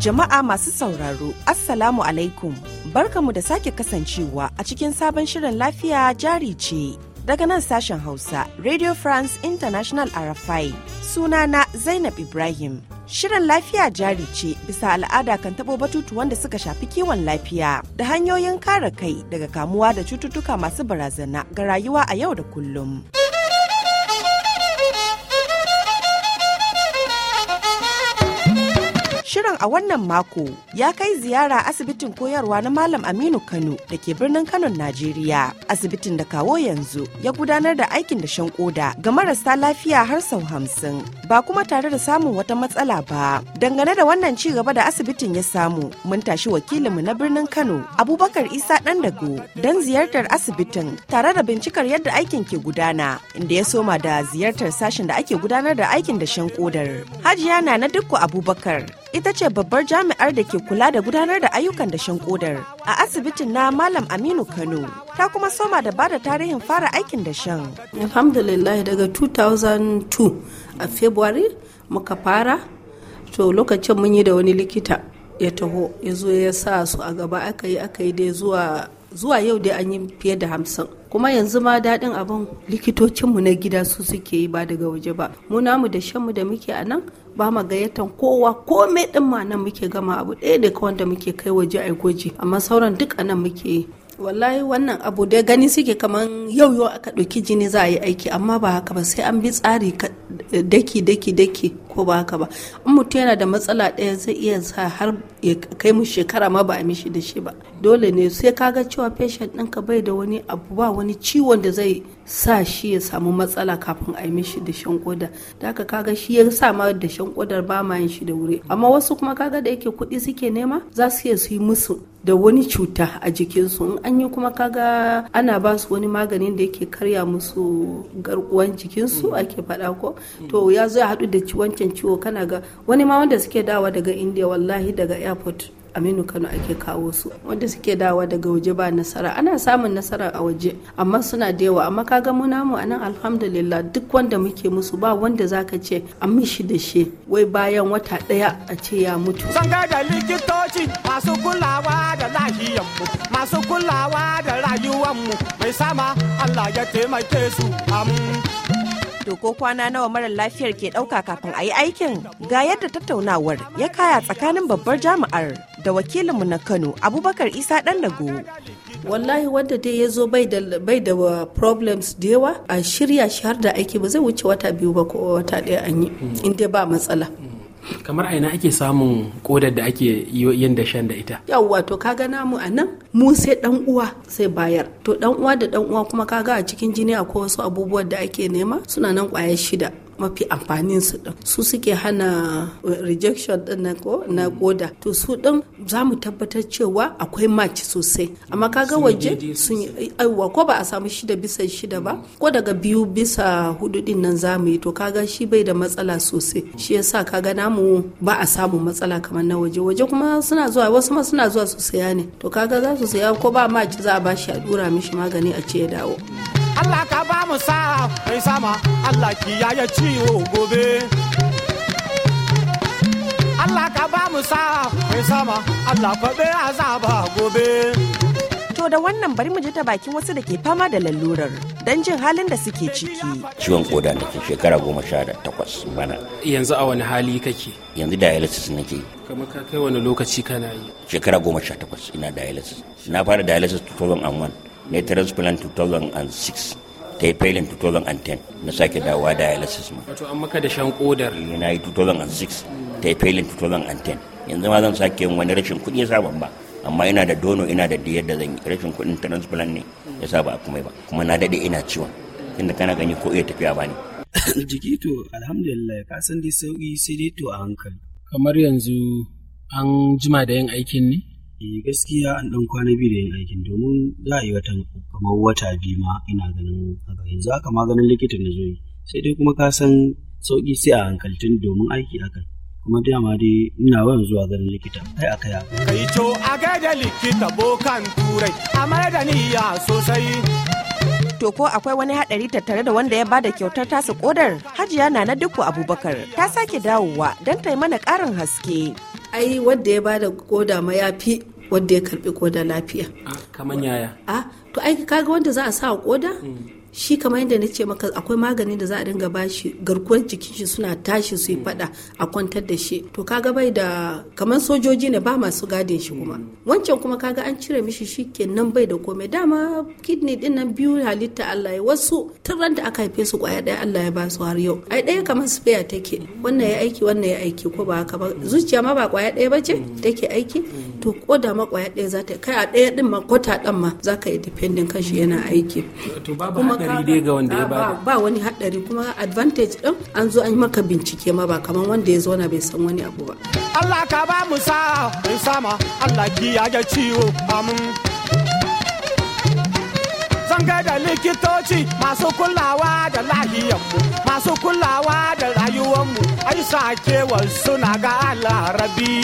Jama'a masu sauraro, Assalamu alaikum, barka mu da sake kasancewa a cikin sabon shirin lafiya jari ce. Daga nan sashen Hausa, Radio France International Arafai, sunana Zainab Ibrahim. Shirin lafiya jari ce bisa al'ada kan taɓo batutuwan da suka shafi kiwon lafiya da hanyoyin kare kai daga kamuwa da cututtuka masu barazana ga rayuwa a yau da kullum. Shirin a wannan mako ya kai ziyara asibitin koyarwa na Malam Aminu Kano da ke birnin Kano, Najeriya. Asibitin da kawo yanzu ya gudanar da aikin da shan koda ga marasa lafiya har sau hamsin ba kuma tare da samun wata matsala ba. Dangane da wannan ci gaba da asibitin ya samu, mun tashi wakilinmu na birnin Kano, Abubakar Isa dago don ziyartar asibitin tare da bincikar yadda aikin ke gudana, inda ya soma da ziyartar sashen da ake gudanar da aikin da shan kodar. Hajiya na na dukku Abubakar ita ce babbar jami'ar da ke kula da gudanar da ayyukan dashen kodar a asibitin na Malam Aminu Kano. Ta kuma soma da bada tarihin fara aikin dashen. Alhamdulillah daga 2002 a February muka fara to lokacin mun yi da wani likita ya taho ya zo ya sa su a gaba aka yi aka yi dai zuwa yau dai an yi fiye da hamsin kuma yanzu ma daɗin abin likitocinmu na gida su suke yi ba daga waje ba mu namu da shanmu da muke a nan ba ma gayyatan kowa komai ɗin ma nan muke gama abu ɗaya da da muke kai waje ai gwaji amma sauran duk a nan muke yi wallahi wannan abu da gani suke kaman yau yau aka ɗauki jini za a yi aiki amma ba haka ba sai an bi tsari daki daki daki ko ba haka ba in mutum yana da matsala ɗaya zai iya sa har ya kai mu shekara ma ba a mishi da shi ba dole ne sai ka ga cewa patient ɗinka bai da wani abu ba wani ciwon da zai sa shi ya samu matsala kafin a yi mishi shan koda da haka ga shi ya sa ma da shan kodar ba ma yin shi da wuri amma wasu kuma ka ga da yake kuɗi suke nema za su iya su yi musu da wani cuta a jikinsu in an yi kuma kaga ana ba su wani maganin da yake karya musu garkuwan jikinsu mm. ake faɗa ko mm. to ya zo ya haɗu da wancan ciwo kana ga wani ma wanda suke dawa daga india wallahi daga airport aminu kano ake kawo su wanda suke dawa daga waje ba nasara ana samun nasara a waje amma suna da yawa amma kaga mu namu anan alhamdulillah duk wanda muke musu ba wanda zaka ce a mishi da shi wai bayan wata daya a ce ya mutu zan da likitoci masu kulawa da lahiyan mu masu kulawa da rayuwar mu mai sama Allah ya taimake su amin to ko kwana nawa mara lafiyar ke dauka kafin a yi aikin ga yadda tattaunawar ya kaya tsakanin babbar jami'ar da wakilinmu na Kano Abubakar Isa lago Wallahi wanda dai ya zo bai da uh, problems da yawa a shirya shi har da aiki ba zai wuce wata biyu ba ko wata ɗaya an yi hmm. in ba matsala. Hmm. kamar aina ake samun kodar da ake yin da shan da ita yawwa to kaga namu a nan mu sai dan uwa sai bayar to dan uwa da dan uwa kuma kaga a cikin jini akwai wasu abubuwan da ake nema suna nan kwaya shida mafi amfanin su din su suke hana eh, rejection din na ko na mm. koda to su din za mu tabbatar cewa akwai match sosai amma kaga waje sun aiwa ko ba a samu shida bisa shida ba mm. ko daga biyu bisa hudu din nan za mu yi to kaga shi bai da matsala sosai shi yasa kaga namu ba a samu matsala kamar na waje waje kuma suna zuwa wasu ma suna zuwa su saya ne to kaga za su saya ko ba match za a bashi a dura mishi magani a ce ya dawo. Allah ka ba mu sa mai sama Allah kiyaye ciwo gobe Allah ka ba mu sa mai sama Allah be azaba gobe to da wannan bari mu ji ta bakin wasu da ke fama da lalurar don jin halin da suke ciki ciwon koda nake shekara goma sha da takwas bana yanzu a wani hali kake yanzu dialysis nake kamar ka kai wani lokaci kana yi shekara goma sha takwas ina dialysis na fara dialysis 2001 na yi transplant 2006 ta yi failin 2010 na sake dawowa dialysis ma wato an maka da shan kodar eh, na yi 2006 ta yi failin 2010 yanzu ma zan sake yin wani rashin kuɗi sabon ba amma ina da dono ina da diyar da zan yi rashin kuɗin transplant ne ya sa a kuma ba kuma na daɗe ina ciwon inda kana gani ko iya tafiya ba ne jiki to alhamdulillah ka san dai sauki sai dai to a hankali kamar yanzu an jima da yin aikin ne eh gaskiya an ɗan kwana biyu da yin aikin domin za a yi wata kamar wata biyu ma ina ganin haka yanzu haka maganin likita na zo sai dai kuma ka san sauki sai a hankaltin domin aiki akan kuma dama dai ina wani zuwa ganin likita kai a kai kai to a gaida likita bokan turai a mai da niyya sosai to ko akwai wani hadari tattare da wanda ya bada kyautar tasu kodar hajiya na na duku abubakar ta sake dawowa don ta yi mana karin haske ai wadda ya bada koda ma ya fi wadda ya karbi koda lafiya ah, kamar yaya a ah, to ai kaga wanda za a sa koda mm. shi kamar yadda na ce maka akwai maganin da za a dinga bashi garkuwar jikin shi suna tashi su yi mm. fada a kwantar da shi to kaga bai da kamar sojoji ne ba masu gadin shi kuma mm. wancan kuma kaga an cire mishi shi kenan bai da komai dama kidney din nan biyu halitta Allah ya wasu tun da aka haife su kwaya daya Allah ya ba su har yau ai daya kamar spare take wannan ya aiki wannan ya aiki ko ba haka ba mm. zuciya ma ba kwaya daya bace take aiki to ko da ma kwaya daya za ta kai a daya din ma kwata dan ma za ka yi dependent shi yana aiki hadari dai ga wanda ya bada ba wani hadari kuma advantage din an zo an yi maka bincike ma ba kamar wanda ya zauna bai san wani abu ba Allah ka ba mu sa'a sama Allah ki ya ciwo amin mun ga da likitoci masu kulawa da mu, masu kulawa da mu, ai sakewar suna ga alarabi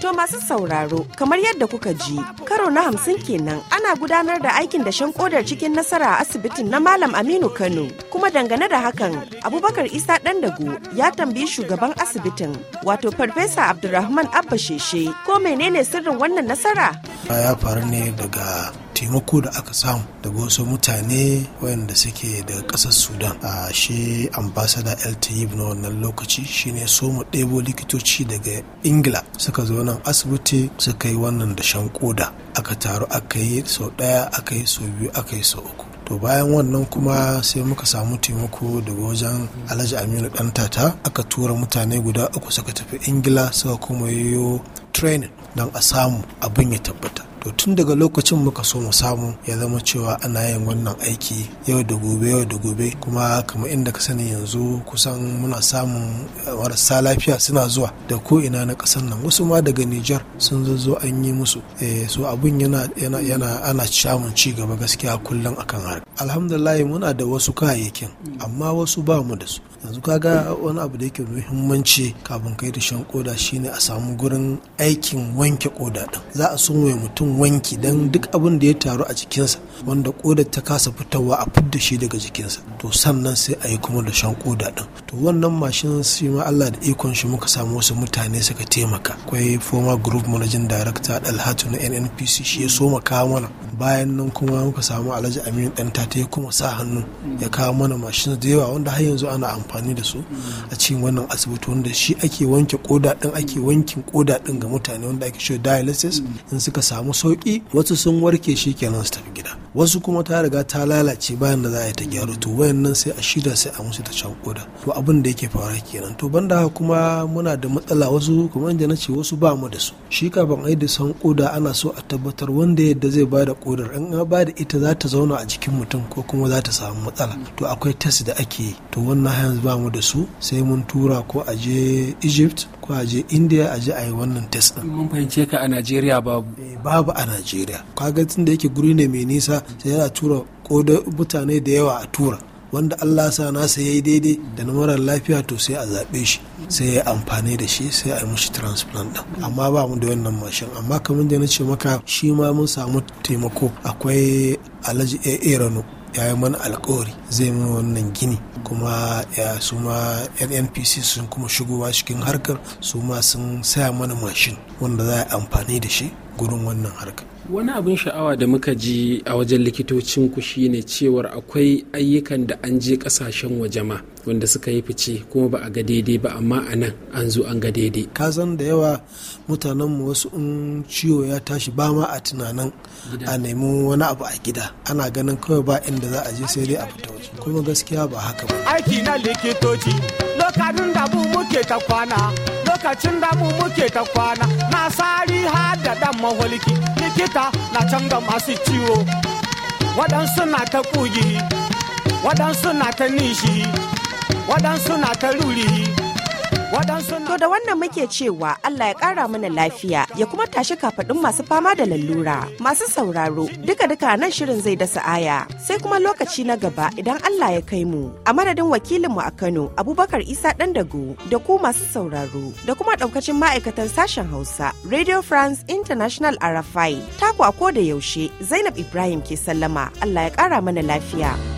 To masu sauraro kamar yadda kuka ji karo na hamsin kenan ana gudanar da aikin dashen kodar cikin nasara a asibitin na Malam Aminu Kano kuma dangane da hakan Abubakar Isa Dandago ya tambayi shugaban asibitin wato Farfesa Abdulrahman Abba Sheshe ko menene sirrin wannan nasara? Ya faru ne daga taimako da aka samu daga wasu mutane wayanda suke daga ƙasar sudan a shi ambasada el tayib na wannan lokaci shine so mu ɗebo likitoci daga ingila suka zo nan asibiti suka yi wannan da shan koda aka taru aka yi sau ɗaya aka yi sau biyu aka yi sau uku to bayan wannan kuma sai muka samu taimako daga wajen alhaji aminu dan tata aka tura mutane guda uku suka tafi ingila suka kuma yiwo training don a samu abin ya tabbata to tun daga lokacin muka so mu samu ya zama cewa ana yin wannan aiki yau da gobe yau da gobe kuma kamar inda ka sani yanzu kusan muna samun eh, marasa lafiya suna zuwa da ko ina na ƙasar nan wasu ma daga Nijar sun zo an yi musu eh, so abun yana yana yana ana samun ci gaba gaskiya kullum akan harka alhamdulillah muna da wasu kayayyakin amma wasu ba mu da su yanzu kaga wani abu da yake muhimmanci kafin kai dashen koda shine a samu gurin aikin wanke koda din za a sunwaye mutum wanki don duk abin da ya taru a cikinsa wanda kodar ta kasa fitowa a fidda shi daga jikinsa to sannan sai a yi kuma da shan koda din to wannan mashin shi ma Allah da ikon shi muka samu wasu mutane suka taimaka akwai former group managing director Dalhatu na NNPC shi ya so maka mana bayan nan kuma muka samu Alhaji Aminu dan ta ya kuma sa hannu ya kawo mana mashin da yawa wanda har yanzu ana amfani da su a cikin wannan asibiti wanda shi ake wanke koda din ake wankin koda din ga mutane wanda ake shi dialysis in suka samu sauki wasu sun warke shi kenan su tafi wasu kuma ta riga ta lalace bayan da za a yi ta gyaru to wayannan sai a shirya sai a musu ta can koda to abin da yake faruwa kenan to banda haka kuma muna da matsala wasu kuma inda na ce wasu ba mu da su shi kafin a yi da san koda ana so a tabbatar wanda yadda zai ba da kodar in an ba da ita za ta zauna a jikin mutum ko kuma za ta samu matsala to akwai test da ake yi to wannan yanzu ba mu da su sai mun tura ko a je egypt ko a je india a je a yi wannan test din mun fahimce ka a najeriya babu eh, babu a najeriya kaga tun da yake guri ne mai nisa sai yana tura da mutane da yawa a tura wanda Allah sa nasa ya yi daidai da na marar lafiya to sai a zaɓe shi sai ya amfani da shi sai a yi mushi transplant din amma ba mu da wannan mashin amma kamar da na ce maka shi ma mun samu taimako akwai alhaji a rano ya yi mana alkawari zai mana wannan gini kuma ya su ma nnpc sun kuma shigowa cikin harkar su ma sun saya mana mashin wanda za a amfani da shi gurin wannan harka wani abin sha'awa da muka ji a wajen likitocin ku shine cewar akwai ayyukan da an je kasashen waje ma wanda suka yi fice kuma ba a ga daidai ba amma a nan an zo an ga daidai ka san da yawa mutanenmu wasu in ciwo ya tashi ba ma a tunanin a nemi wani abu a gida ana ganin kawai ba inda za a je sai dai a fita waje kuma gaskiya ba haka ba aiki na likitoci lokacin da mu muke ta kwana lokacin da mu muke ta kwana na sari har da dan maholki likita na can ga masu ciwo waɗansu na ta kugi waɗansu na ta nishi waɗansu na ta ruri To da wannan muke cewa Allah ya kara mana lafiya ya kuma tashi kafaɗin masu fama da lallura. Masu sauraro duka-duka nan shirin zai dasa aya sai kuma lokaci na gaba idan Allah ya kai mu. A madadin wakilinmu a Kano Abubakar Isa dago da ku masu sauraro da kuma ɗaukacin ma'aikatan sashen Hausa Radio France International Arafai. Taku a ko da yaushe Zainab Ibrahim ke sallama Allah ya kara mana lafiya.